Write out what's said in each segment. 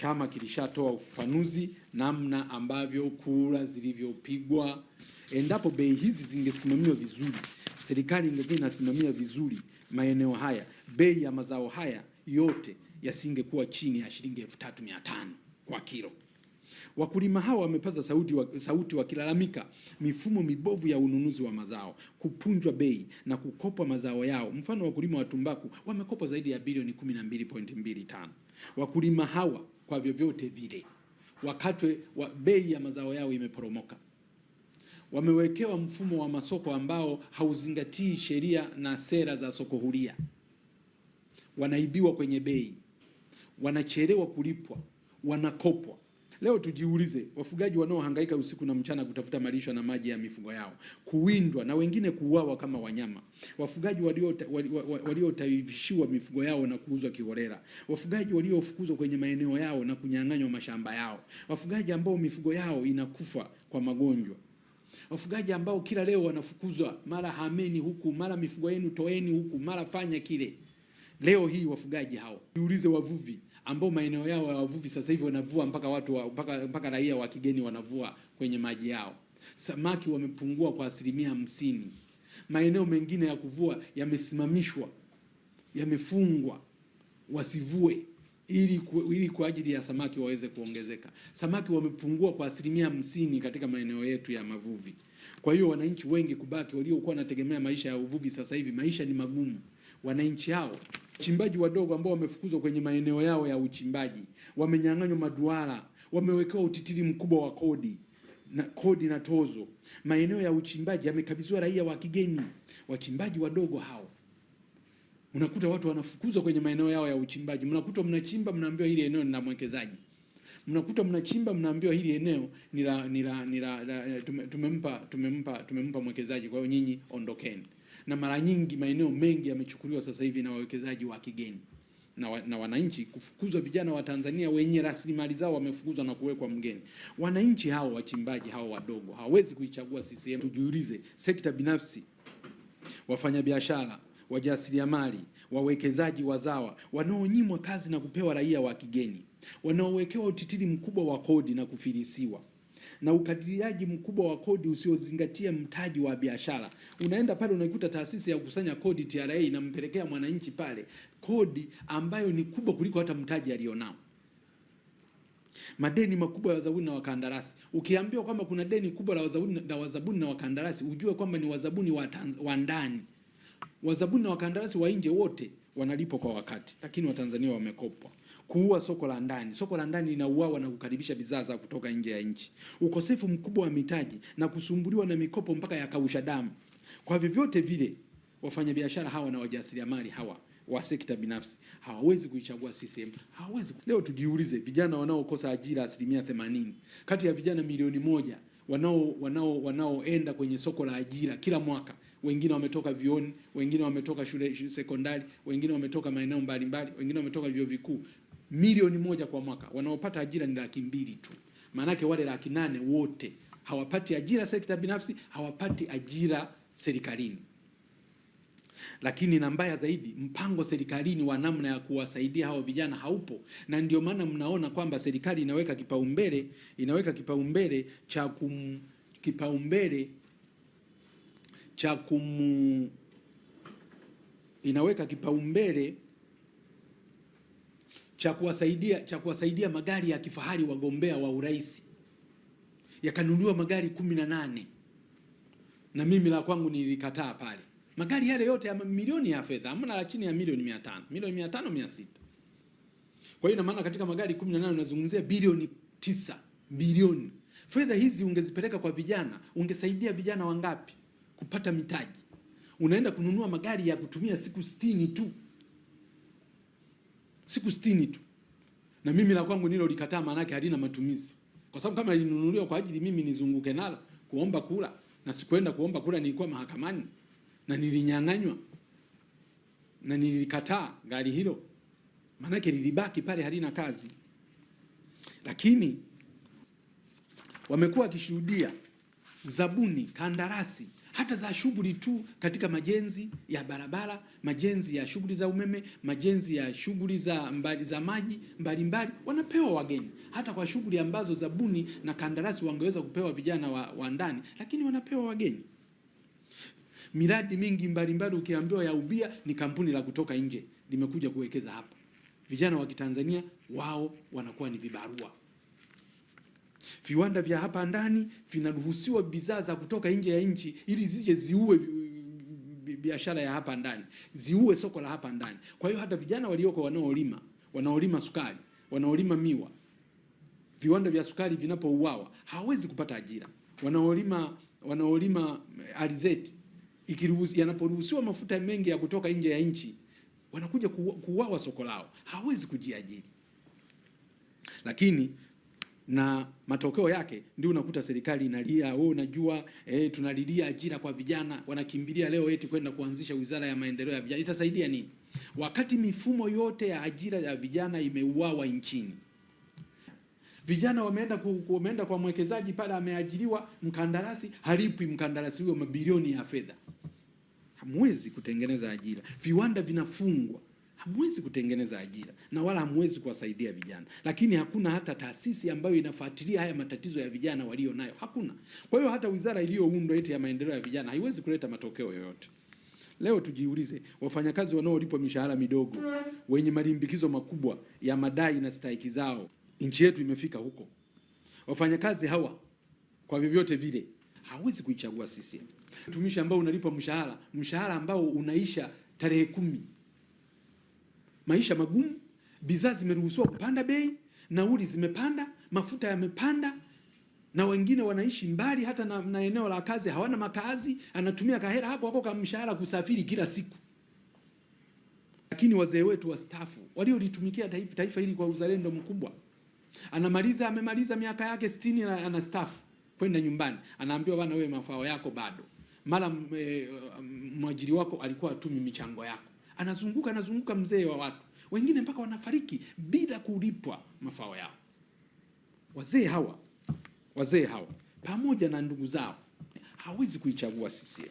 chama kilishatoa ufafanuzi namna ambavyo kura zilivyopigwa. Endapo bei hizi zingesimamiwa vizuri, serikali ingekuwa inasimamia vizuri maeneo haya, bei ya mazao haya yote yasingekuwa chini ya shilingi elfu tatu mia tano kwa kilo. Wakulima hawa wamepaza sauti, wa, sauti wakilalamika mifumo mibovu ya ununuzi wa mazao, kupunjwa bei na kukopwa mazao yao. Mfano, wakulima wa tumbaku wamekopwa zaidi ya bilioni 12.25. Wakulima hawa kwa vyovyote vile, wakatwe wa bei ya mazao yao imeporomoka. Wamewekewa mfumo wa masoko ambao hauzingatii sheria na sera za soko huria, wanaibiwa kwenye bei, wanachelewa kulipwa, wanakopwa Leo tujiulize, wafugaji wanaohangaika usiku na mchana kutafuta malisho na maji ya mifugo yao, kuwindwa na wengine kuuawa kama wanyama, wafugaji waliotaivishiwa mifugo yao na kuuzwa kiholela, wafugaji waliofukuzwa kwenye maeneo yao na kunyang'anywa mashamba yao, wafugaji ambao mifugo yao inakufa kwa magonjwa wafugaji ambao kila leo wanafukuzwa, mara hameni huku, mara mifugo yenu toeni huku, mara fanya kile. Leo hii wafugaji hao, jiulize wavuvi ambao maeneo yao ya wavuvi sasa hivi wanavua mpaka watu wa, mpaka, mpaka raia wa kigeni wanavua kwenye maji yao. Samaki wamepungua kwa asilimia hamsini. Maeneo mengine ya kuvua yamesimamishwa, yamefungwa wasivue ili ili kwa ajili ya samaki waweze kuongezeka. Samaki wamepungua kwa asilimia hamsini katika maeneo yetu ya mavuvi. Kwa hiyo wananchi wengi kubaki waliokuwa wanategemea maisha ya uvuvi sasa hivi maisha ni magumu wananchi hao wachimbaji wadogo ambao wamefukuzwa kwenye maeneo yao ya uchimbaji, wamenyang'anywa maduara, wamewekewa utitiri mkubwa wa kodi na kodi na tozo. Maeneo ya uchimbaji yamekabidhiwa raia wa kigeni. Wachimbaji wadogo hao, unakuta watu wanafukuzwa kwenye maeneo yao ya uchimbaji, mnakuta mnachimba, mnaambiwa hili eneo ni la mwekezaji, mnakuta mnachimba, mnaambiwa hili eneo ni la ni la tumempa tumempa tumempa mwekezaji, kwa hiyo nyinyi ondokeni na mara nyingi maeneo mengi yamechukuliwa sasa hivi na wawekezaji wa kigeni na, wa, na wananchi kufukuzwa. Vijana wa Tanzania wenye rasilimali zao wamefukuzwa na kuwekwa mgeni. Wananchi hao wachimbaji hao wadogo hawawezi kuichagua CCM. Tujiulize, sekta binafsi, wafanyabiashara, wajasiriamali, wawekezaji wazawa wanaonyimwa kazi na kupewa raia wa kigeni, wanaowekewa utitiri mkubwa wa kodi na kufilisiwa na ukadiriaji mkubwa wa kodi usiozingatia mtaji wa biashara. Unaenda pale unaikuta taasisi ya kukusanya kodi TRA inampelekea mwananchi pale kodi ambayo ni kubwa kuliko hata mtaji alionao. Madeni makubwa ya wazabuni na wakandarasi. Ukiambiwa kwamba kuna deni kubwa la wazabuni na wazabuni na wakandarasi, ujue kwamba ni wazabuni wa ndani, wazabuni na wakandarasi wa nje wote wanalipwa kwa wakati, lakini Watanzania wamekopwa. Kuua soko la ndani, soko la ndani linauawa na kukaribisha bidhaa za kutoka nje ya nchi. Ukosefu mkubwa wa mitaji na kusumbuliwa na mikopo mpaka yakausha damu. Kwa vyovyote vile, wafanyabiashara hawa na wajasiriamali hawa wa sekta binafsi hawawezi kuichagua CCM, hawawezi. Leo tujiulize, vijana wanaokosa ajira asilimia themanini kati ya vijana milioni moja wanao wanao wanaoenda kwenye soko la ajira kila mwaka wengine wametoka vioni, wengine wametoka shule sekondari, wengine wametoka maeneo mbalimbali, wengine wametoka vyuo vikuu. Milioni moja kwa mwaka, wanaopata ajira ni laki mbili tu. Maanake wale laki nane wote hawapati ajira sekta binafsi, hawapati ajira serikalini. Lakini na mbaya zaidi, mpango serikalini wa namna ya kuwasaidia hao vijana haupo, na ndio maana mnaona kwamba serikali inaweka kipaumbele inaweka kipaumbele cha kum kipaumbele cha kumu inaweka kipaumbele cha kuwasaidia cha kuwasaidia magari ya kifahari wagombea wa urais yakanunuliwa magari kumi na nane na mimi la kwangu nilikataa pale. Magari yale yote ya milioni ya fedha, amna la chini ya milioni 500, milioni 500, 600. Kwa hiyo ina maana katika magari 18 unazungumzia bilioni tisa, bilioni. Fedha hizi ungezipeleka kwa vijana, ungesaidia vijana wangapi? kupata mitaji, unaenda kununua magari ya kutumia siku sitini tu, siku sitini tu. Na mimi la kwangu nilo likataa, maanake halina matumizi, kwa sababu kama linunuliwa kwa ajili mimi nizunguke nalo kuomba kura, na sikuenda kuomba kura, nilikuwa mahakamani na nilinyang'anywa na nilikataa gari hilo, maanake lilibaki pale halina kazi. Lakini wamekuwa wakishuhudia zabuni, kandarasi hata za shughuli tu katika majenzi ya barabara, majenzi ya shughuli za umeme, majenzi ya shughuli za mbali, za maji mbalimbali wanapewa wageni, hata kwa shughuli ambazo zabuni na kandarasi wangeweza kupewa vijana wa, wa ndani, lakini wanapewa wageni. Miradi mingi mbalimbali ukiambiwa ya ubia ni kampuni la kutoka nje limekuja kuwekeza hapa. Vijana wa Kitanzania wao wanakuwa ni vibarua. Viwanda vya hapa ndani vinaruhusiwa bidhaa za kutoka nje ya nchi ili zije ziue biashara ya hapa ndani, ziue soko la hapa ndani. Kwa hiyo hata vijana walioko wanaolima, wanaolima sukari, wanaolima miwa, viwanda vya sukari vinapouawa hawezi kupata ajira. Wanaolima wanaolima eh, alizeti yanaporuhusiwa mafuta mengi ya kutoka nje ya nchi wanakuja kuuawa soko lao, hawezi kujiajiri lakini na matokeo yake ndio unakuta serikali inalia, wewe unajua eh, tunalilia ajira kwa vijana, wanakimbilia leo eti kwenda kuanzisha wizara ya maendeleo ya vijana. Itasaidia nini wakati mifumo yote ya ajira ya vijana imeuawa nchini? Vijana wameenda ku, wameenda kwa mwekezaji pale, ameajiriwa mkandarasi, halipi mkandarasi huyo mabilioni ya fedha. Hamwezi kutengeneza ajira, viwanda vinafungwa hamwezi kutengeneza ajira na wala hamwezi kuwasaidia vijana, lakini hakuna hata taasisi ambayo inafuatilia haya matatizo ya vijana walio nayo, hakuna. Kwa hiyo hata wizara iliyoundwa eti ya maendeleo ya vijana haiwezi kuleta matokeo yoyote. Leo tujiulize, wafanyakazi wanaolipwa mishahara midogo, wenye malimbikizo makubwa ya madai na stahiki zao, nchi yetu imefika huko. Wafanyakazi hawa kwa vyovyote vile hawezi kuichagua CCM. Mtumishi ambao unalipwa mshahara, mshahara ambao unaisha tarehe kumi maisha magumu, bidhaa zimeruhusiwa kupanda bei, nauli zimepanda, mafuta yamepanda, na wengine wanaishi mbali hata na, na eneo la kazi, hawana makazi, anatumia kahera hapo hapo kama mshahara kusafiri kila siku. Lakini wazee wetu wastaafu waliolitumikia taifa, taifa hili kwa uzalendo mkubwa, anamaliza amemaliza miaka yake 60 na anastaafu kwenda nyumbani, anaambiwa bwana, wewe mafao yako bado, mara eh, mwajiri wako alikuwa atumi michango yako anazunguka anazunguka mzee wa watu wengine mpaka wanafariki bila kulipwa mafao yao. Wazee hawa wazee hawa pamoja na ndugu zao hawezi kuichagua sisi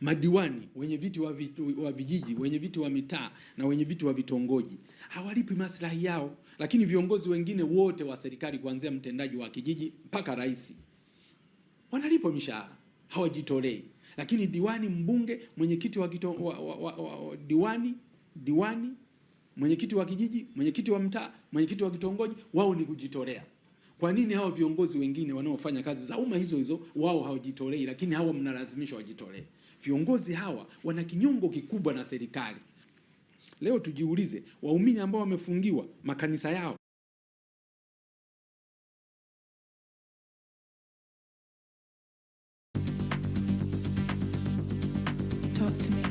Madiwani, wenye viti wa, wa vijiji, wenye viti wa mitaa na wenye viti wa vitongoji hawalipi maslahi yao, lakini viongozi wengine wote wa serikali kuanzia mtendaji wa kijiji mpaka rais wanalipo mishahara, hawajitolei lakini diwani, mbunge, mwenyekiti wa, wa, wa, wa, wa diwani, diwani, mwenyekiti wa kijiji, mwenyekiti wa mtaa, mwenyekiti wa kitongoji, wao ni kujitolea. Kwa nini hawa viongozi wengine wanaofanya kazi za umma hizo hizo wao hawajitolei, lakini hawa mnalazimisha wajitolee? Viongozi hawa wana kinyongo kikubwa na serikali. Leo tujiulize, waumini ambao wamefungiwa makanisa yao talk to me.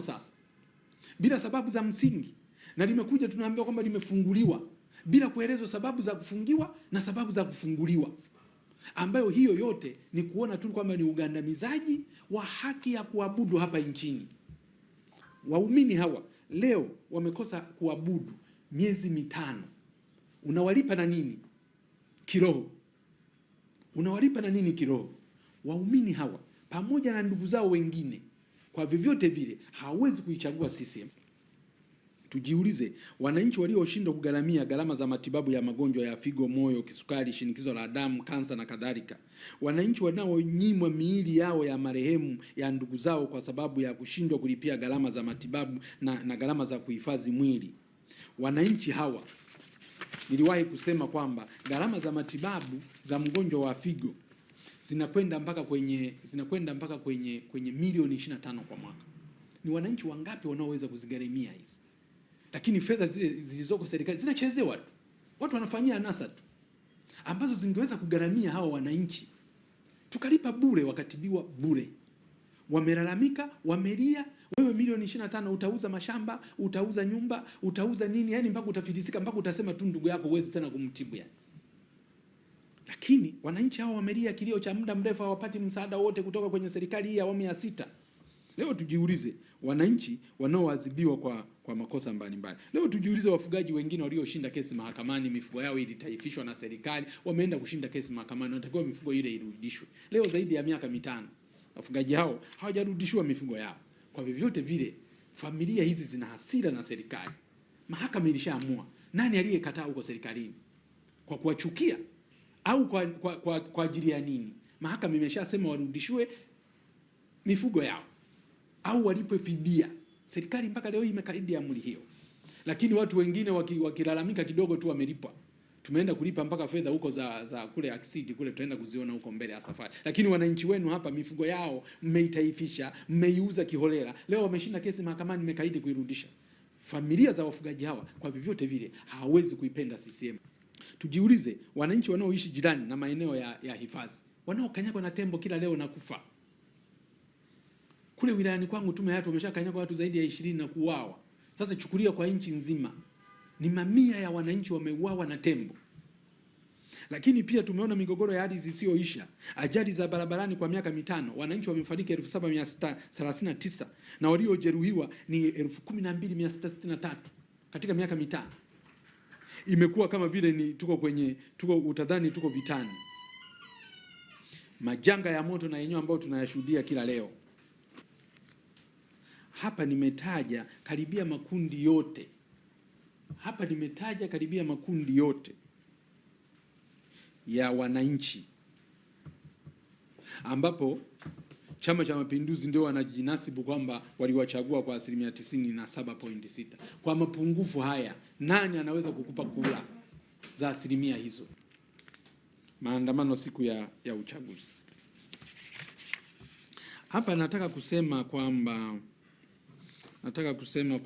Sasa bila sababu za msingi, na limekuja tunaambiwa kwamba limefunguliwa bila kuelezwa sababu za kufungiwa na sababu za kufunguliwa, ambayo hiyo yote ni kuona tu kwamba ni ugandamizaji wa haki ya kuabudu hapa nchini. Waumini hawa leo wamekosa kuabudu miezi mitano, unawalipa na nini? kiroho. Unawalipa na nini kiroho? Waumini hawa pamoja na ndugu zao wengine, kwa vyovyote vile hawezi kuichagua CCM. Tujiulize, wananchi walioshindwa kugharamia gharama za matibabu ya magonjwa ya figo, moyo, kisukari, shinikizo la damu, kansa na kadhalika, wananchi wanaonyimwa miili yao ya marehemu ya ndugu zao kwa sababu ya kushindwa kulipia gharama za matibabu na, na gharama za kuhifadhi mwili, wananchi hawa niliwahi kusema kwamba gharama za matibabu za mgonjwa wa figo zinakwenda mpaka kwenye zinakwenda mpaka kwenye kwenye milioni 25 kwa mwaka. Ni wananchi wangapi wanaoweza kuzigharimia hizi? Lakini fedha zile zilizoko serikali zinachezewa tu, watu wanafanyia anasa tu, ambazo zingeweza kugharamia hao wananchi, tukalipa bure, wakatibiwa bure, wamelalamika, wamelia wewe milioni 25 utauza mashamba, utauza nyumba, utauza nini? Yani mpaka utafilisika, mpaka utasema tu ndugu yako huwezi tena kumtibu yani. Lakini wananchi hao wamelia kilio cha muda mrefu, hawapati msaada wote kutoka kwenye serikali hii ya awamu ya sita. Leo tujiulize wananchi wanaoadhibiwa kwa, kwa makosa mbalimbali. Leo tujiulize wafugaji wengine walioshinda kesi mahakamani, mifugo yao ilitaifishwa na serikali, wameenda kushinda kesi mahakamani, wanatakiwa mifugo ile irudishwe. Leo zaidi ya miaka mitano wafugaji hao hawajarudishiwa mifugo yao. Kwa vyovyote vile familia hizi zina hasira na serikali. Mahakama ilishaamua. Nani aliyekataa huko serikalini? Kwa kuwachukia au kwa, kwa, kwa, kwa ajili ya nini? Mahakama imeshasema warudishiwe mifugo yao au walipwe fidia. Serikali mpaka leo imekaidi amri hiyo, lakini watu wengine wakilalamika waki kidogo tu wamelipwa tumeenda kulipa mpaka fedha huko za za kule aksidi kule, tutaenda kuziona huko mbele ya safari. Lakini wananchi wenu hapa, mifugo yao mmeitaifisha, mmeiuza kiholela. Leo wameshinda kesi mahakamani, mmekaidi kuirudisha. Familia za wafugaji hawa kwa vyovyote vile hawawezi kuipenda CCM. Tujiulize, wananchi wanaoishi jirani na maeneo ya, ya hifadhi wanaokanyagwa na tembo kila leo na kufa. Kule wilayani kwangu tume hayati wameshakanyagwa watu zaidi ya ishirini na kuuawa. Sasa chukulia kwa nchi nzima ni mamia ya wananchi wameuawa na tembo. Lakini pia tumeona migogoro ya hadi zisiyoisha, ajali za barabarani kwa miaka mitano, wananchi wamefariki 7639 na waliojeruhiwa ni 12663 katika miaka mitano. Imekuwa kama vile ni tuko kwenye tuko utadhani tuko vitani. Majanga ya moto na yenyewe ambayo tunayashuhudia kila leo. Hapa nimetaja karibia makundi yote hapa nimetaja karibia makundi yote ya wananchi, ambapo Chama cha Mapinduzi ndio wanajinasibu kwamba waliwachagua kwa asilimia 97.6. Kwa mapungufu haya, nani anaweza kukupa kura za asilimia hizo? Maandamano siku ya, ya uchaguzi. Hapa nataka kusema kwamba nataka kusema